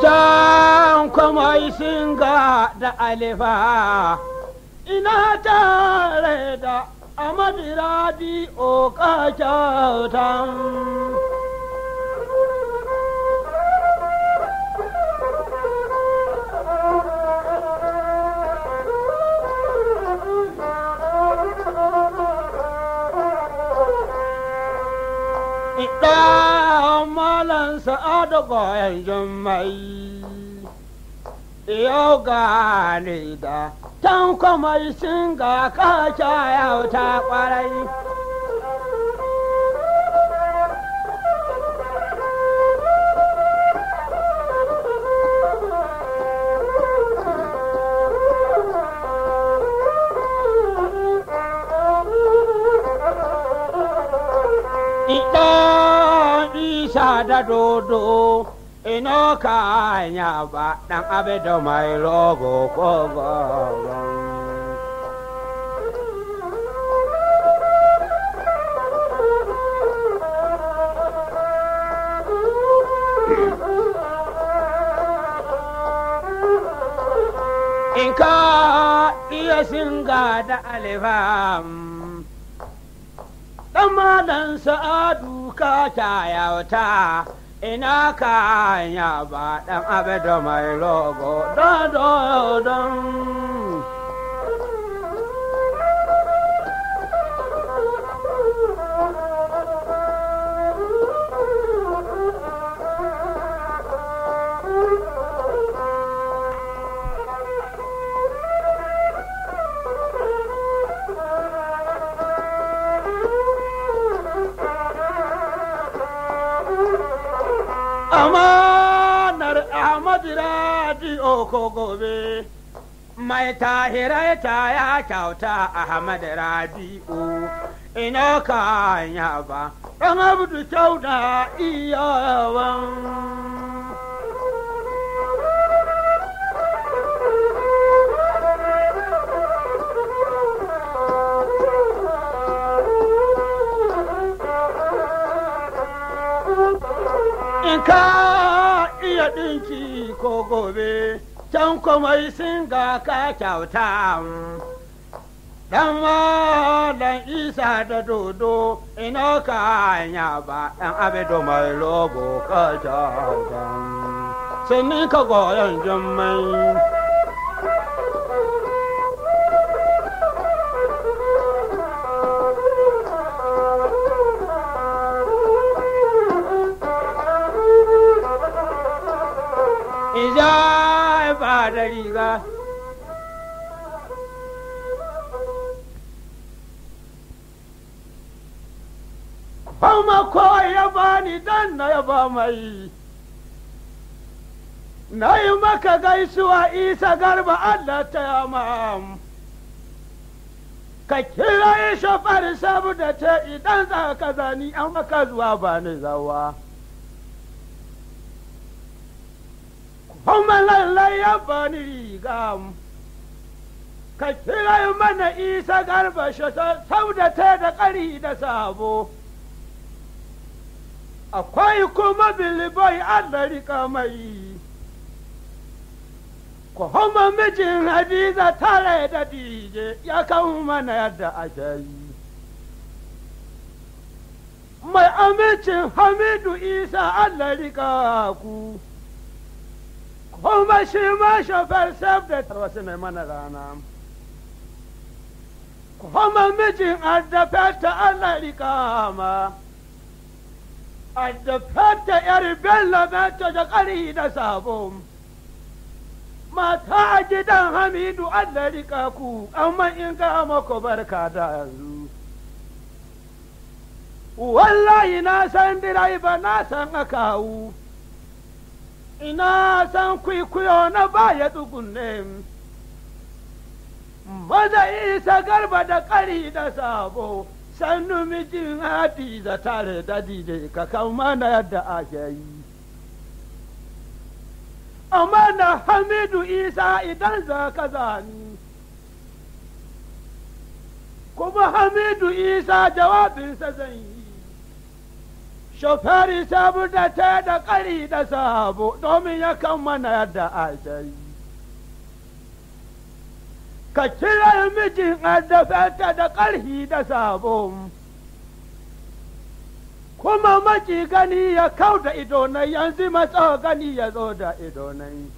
can kwamai sun ga da alifa ina tare da amadu radi o kyautan dogoyen jummai yau gane da tan kuma sun ga kacayau ta kwarai da dodo ino ka nya ba dan abedo mai logo kogo in iya singa da alifam ɗan madan sa'adu bukata yauta ina ka ya ba dan abe da mai rogo don don amanar Ahmad Radio ko gobe mai tahira ta ya kyauta Ahmad o ina ka ba ɗan abdu kyauta iya ko gobe can komai sun ga ka kyauta dan dan isa da dodo ina ka anya ba dan abido mai lobo ka ta sun ka goyon jummai idan na yaba mai na yi maka gaisuwa isa garba allah ta ma. ka kira yi shafar saboda ce idan za ka zani an maka zuwa ba ni zawa kuma lallai ya bani riga ka kira yi mana isa garba saboda ta da ƙari da sabo akwai kuma bilibai adarika kamai ko homa mijin hadiza tare da dije ya kawo mana yadda ake yi mai amincin hamidu isa allah rika ku kuma shi ma shafar da tarwasi mai mana rana kuma mijin adafeta ta allah ma da fata yar bello mata da ƙarhi da sabo mata a gidan hamidu allah rika ku amma in ka mako barka da yanzu wallahi na san direba na san akawu ina san kwikwiyo na baya tsugunne maza isa garba da ƙari da sabo sannu mijin Hadiza da tare da ka kan mana yadda ake yi amma na hamidu isa idan za ka zani kuma hamidu isa jawabinsa zan yi shofari sabu da ta da ƙari da sabo domin ya kan mana yadda ake yi ka kira mijin ta da ƙarhi da sabon kuma maki gani ya kau da idonai yanzu matsa gani ya zo da idonai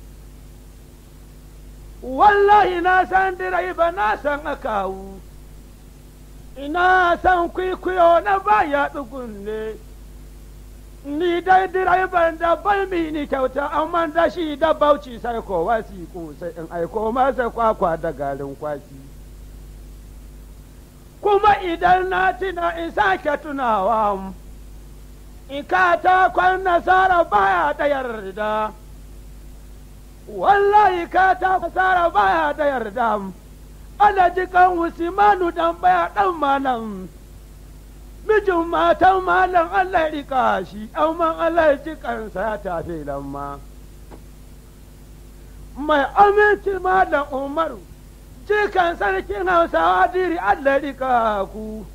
wallahi na san direba na san akawu ina san kwikwiyo na baya tsugunne ni dai direban da balmi ni kyauta amma da shi da bauchi sai kowa siku sai in aiko masa kwakwa da garin kwaki kuma idan na tuna in sake tunawa in katakon nasara baya da yarda wallahi katakon nasara baya da yarda ana jikan usmanu dan baya dan malam mijin matan malan Allah rika shi auman Allah ci kansa ta filan ma mai aminci malam umaru cikin sarkin hausawa diri Allah rika ku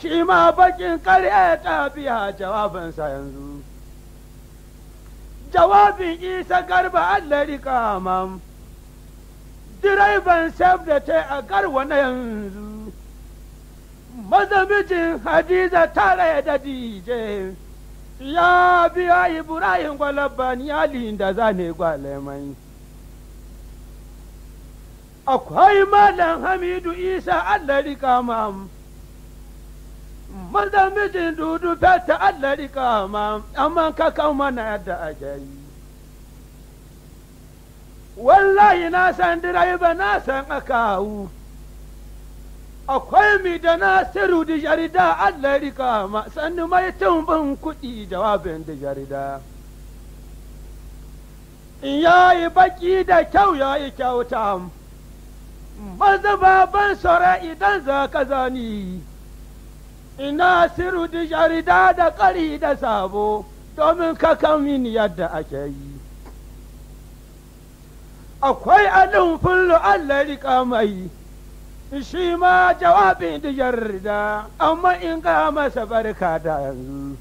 shi ma bakin karya ta a jawabinsa yanzu jawabin isa garba Allah rika mam direban sef da ta a garwa na yanzu mazamijin hadiza tare da dije ya biya ibrahim ni ali da gwale mai akwai malam hamidu isa allari kama mazamijin dudu fata allari kama amma ka mana yadda ake yi wallahi na san direba na san akawu akwai mi da nasiru da jarida allah rika ma sannu mai tumbin kuɗi jawabin da jarida ya yi baki da kyau ya yi kyauta maza baban sora idan za ka zani ina siru da jarida da ƙari da sabo domin ka kamin yadda ake yi akwai alin fullo allah rika mai shi ma jawabin da yarda amma in ga masa barka da yanzu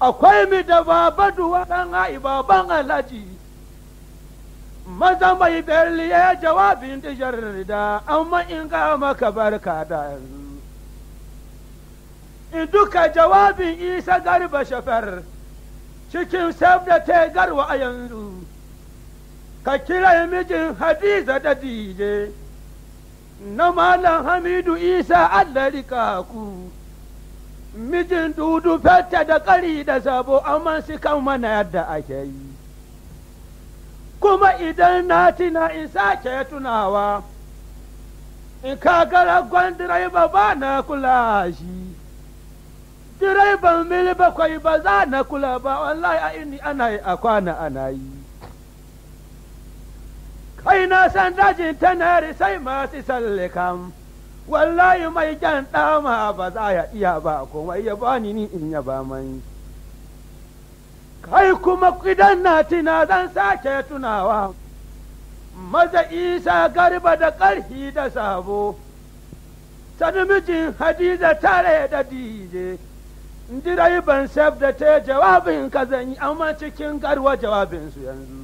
akwai mi da duwa kan ai baban alhaji maza mai belli ya jawabin da yarda amma in ga maka barka da yanzu in duka jawabin isa garba shafar cikin sab da ta garwa a yanzu ka kira mijin hadiza da dije na malam hamidu isa allah rika ku mijin dudu fete da kari da sabo amma su kan mana yadda ake yi kuma idan na tina in sake tunawa in kagara gwan direba ba na kula shi direban mil bakwai ba za na kula ba wallahi a ina ana yi a kwana ana yi aina na san dajin tanari sai masu kam. wallahi mai jan dama ba za ya iya ba komai ya bani ni in ya ba mai kai kuma idan na tina zan sake tunawa maza isa garba da karhi da sabo sani mijin hadiza tare da dije direban sef da ta jawabin ka zan yi amma cikin garwa jawabinsu yanzu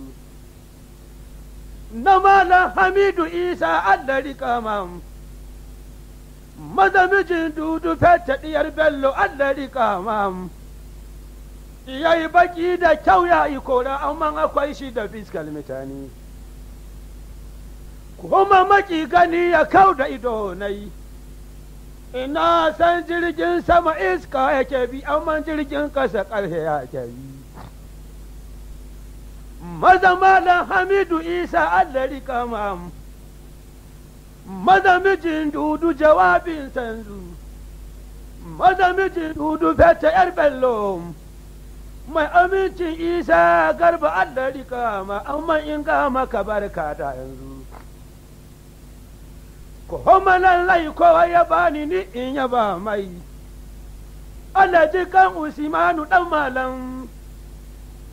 na malam hamidu isa allari kaman mazamijin dudu fece diyar bello allari kaman Iyayi baki da kyau ya yi kora amma akwai shi da fiskal mutane kuma maki gani ya kau da ido nai ina san jirgin sama iska yake bi amma jirgin kasa ƙarfe yake bi maza hamidu isa allari kama maza dudu jawabin sanzu mazamijin dudu fata yar bello mai amincin isa garba allari kama amma in kama ka barka da yanzu ko malan lai kowa ya bani ni in yaba mai Allah ji kan Usmanu dan malam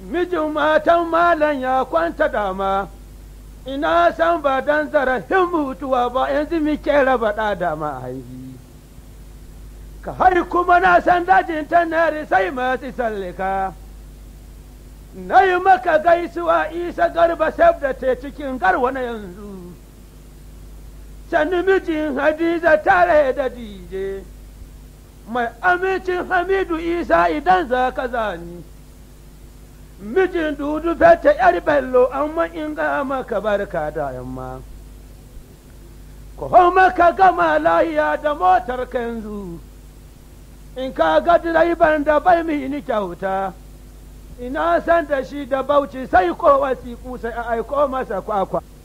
mijin matan malam ya kwanta dama ina san ba dan zarafin mutuwa ba yanzu muke raba da dama haihi ka har kuma na san dajin tanare sai masu sallika na yi maka gaisuwa isa garba sab da ta cikin garwa na yanzu sani mijin hadiza tare da dije mai amincin hamidu isa idan za ka zani mijin dudu ta yar bello amma in ga maka barka da yamma ko maka gama lahiya da motar kanzu. in ka ga direban da bai ni kyauta ina san da shi da bauchi sai ko wasiƙu sai a aiko masa kwakwa